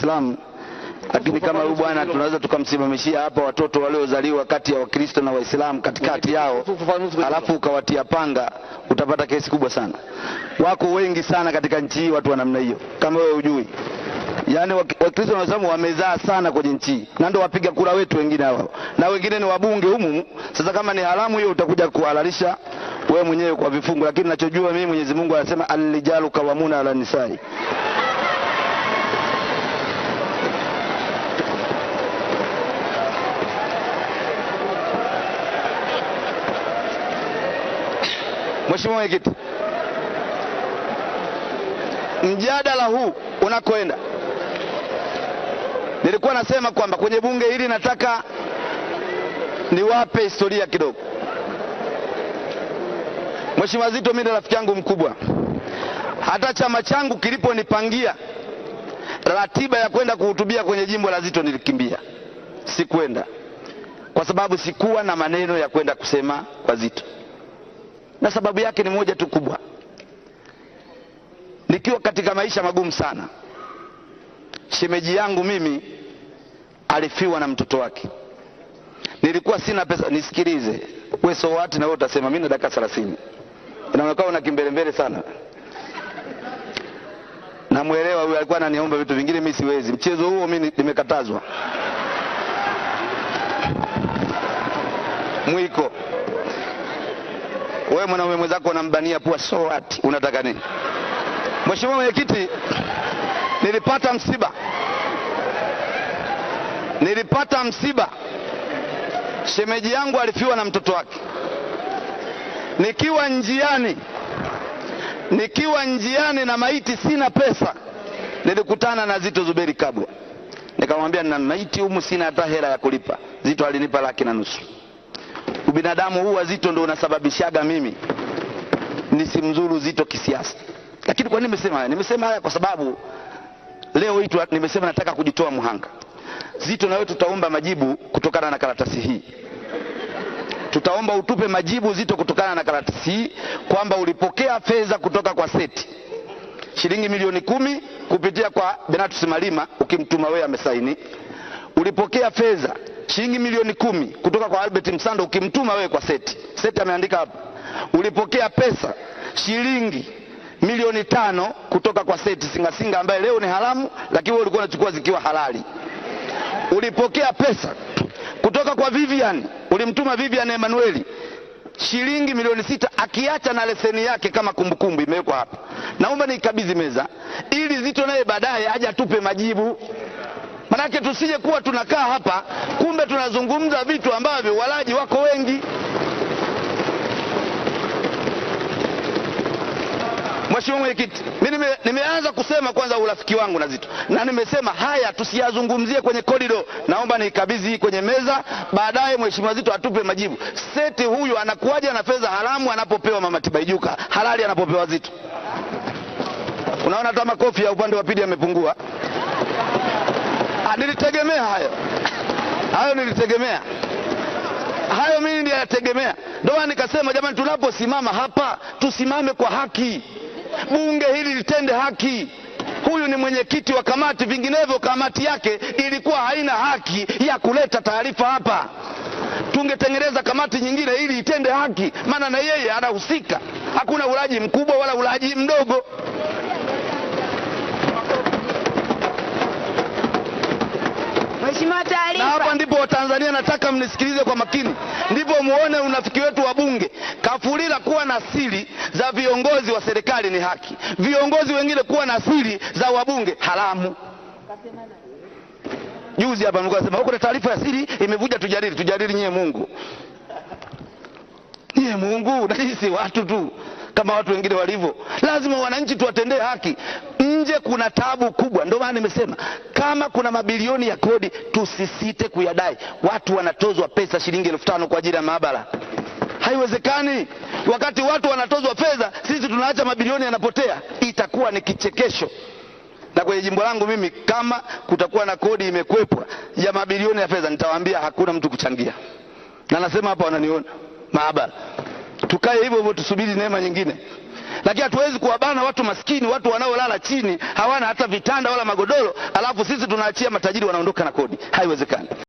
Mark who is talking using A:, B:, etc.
A: Kiislamu. Lakini kama huyu bwana tunaweza tukamsimamishia hapa watoto waliozaliwa kati ya Wakristo na Waislamu katikati yao, alafu ukawatia panga, utapata kesi kubwa sana. Wako wengi sana katika nchi hii watu wa namna hiyo, kama wewe hujui. Yaani Wakristo na Waislamu wamezaa sana kwenye nchi na ndio wapiga kura wetu wengine hao, na wengine ni wabunge humu. Sasa kama ni haramu hiyo, utakuja kuhalalisha wewe mwenyewe kwa vifungu, lakini nachojua mimi, Mwenyezi Mungu anasema, alijalu kawamuna ala nisai Mheshimiwa Mwenyekiti, mjadala huu unakoenda, nilikuwa nasema kwamba kwenye bunge hili nataka niwape historia kidogo. Mheshimiwa zito mimi ni rafiki yangu mkubwa, hata chama changu kiliponipangia ratiba ya kwenda kuhutubia kwenye jimbo la zito nilikimbia, sikwenda kwa sababu sikuwa na maneno ya kwenda kusema kwa zito na sababu yake ni moja tu kubwa. Nikiwa katika maisha magumu sana, shemeji yangu mimi alifiwa na mtoto wake. Nilikuwa sina pesa. Nisikilize wewe, sowati na wewe utasema mimi na dakika 30 inaonekana una kimbelembele sana. Namwelewa huyu, alikuwa ananiomba vitu vingine, mimi siwezi. Mchezo huo mimi nimekatazwa mwiko wewe mwanaume mwenzako unambania pua, so what? Unataka nini? Mheshimiwa Mwenyekiti, nilipata msiba, nilipata msiba. Shemeji yangu alifiwa na mtoto wake. Nikiwa njiani, nikiwa njiani na maiti, sina pesa, nilikutana na Zito Zuberi Kabwe, nikamwambia nina maiti humu, sina hata hela ya kulipa. Zito alinipa laki na nusu. Ubinadamu huu wa Zito ndio unasababishaga mimi nisimzuru Zito kisiasa. Lakini kwa nini nimesema haya? Nimesema haya kwa sababu leo hii nimesema nataka kujitoa mhanga. Zito, na wewe tutaomba majibu kutokana na karatasi hii. Tutaomba utupe majibu Zito kutokana na karatasi hii kwamba ulipokea fedha kutoka kwa seti shilingi milioni kumi kupitia kwa Benatus Malima, ukimtuma wewe amesaini ulipokea fedha shilingi milioni kumi kutoka kwa Albert Msando, ukimtuma wewe kwa Seti. Seti ameandika hapa, ulipokea pesa shilingi milioni tano kutoka kwa Seti Singasinga, ambaye leo ni haramu, lakini wewe ulikuwa unachukua zikiwa halali. Ulipokea pesa kutoka kwa Vivian, ulimtuma Vivian Emanueli shilingi milioni sita akiacha na leseni yake kama kumbukumbu, imewekwa hapa. Naomba niikabidhi meza ili Zito naye baadaye aje atupe majibu. Manake tusije kuwa tunakaa hapa, kumbe tunazungumza vitu ambavyo walaji wako wengi. Mheshimiwa Mwenyekiti, mi nime, nimeanza kusema kwanza urafiki wangu na Zito na nimesema haya tusiyazungumzie kwenye korido. Naomba niikabidhi kwenye meza, baadaye Mheshimiwa Zito atupe majibu. Seti huyu anakuwaje na fedha haramu anapopewa Mama Tibaijuka, halali anapopewa Zito? Unaona hata makofi ya upande wa pili yamepungua. Ah, nilitegemea hayo hayo, nilitegemea hayo, mimi ndiyo yategemea. Ndio maana nikasema, jamani, tunaposimama hapa tusimame kwa haki, bunge hili litende haki. Huyu ni mwenyekiti wa kamati, vinginevyo kamati yake ilikuwa haina haki ya kuleta taarifa hapa. Tungetengeneza kamati nyingine ili itende haki, maana na yeye anahusika. Hakuna ulaji mkubwa wala ulaji mdogo. Watanzania, nataka mnisikilize kwa makini, ndipo muone unafiki wetu wa Bunge. Kafulila kuwa na siri za viongozi wa serikali ni haki, viongozi wengine kuwa na siri za wabunge haramu. Juzi hapa mlikuwa nasema kuna taarifa ya siri imevuja, tujadili tujadili. Nyie Mungu, nyie Mungu, na sisi watu tu kama watu wengine walivyo. Lazima wananchi tuwatendee haki nje kuna tabu kubwa. Ndio maana nimesema kama kuna mabilioni ya kodi tusisite kuyadai. Watu wanatozwa pesa shilingi elfu tano kwa ajili ya maabara, haiwezekani. Wakati watu wanatozwa fedha, sisi tunaacha mabilioni yanapotea, itakuwa ni kichekesho. Na kwenye jimbo langu mimi, kama kutakuwa na kodi imekwepwa ya mabilioni ya fedha, nitawaambia hakuna mtu kuchangia, na nasema hapa wananiona maabara. Tukae hivyo hivyo, tusubiri neema nyingine lakini hatuwezi kuwabana watu maskini, watu wanaolala chini hawana hata vitanda wala magodoro, alafu sisi tunaachia matajiri wanaondoka na kodi. Haiwezekani.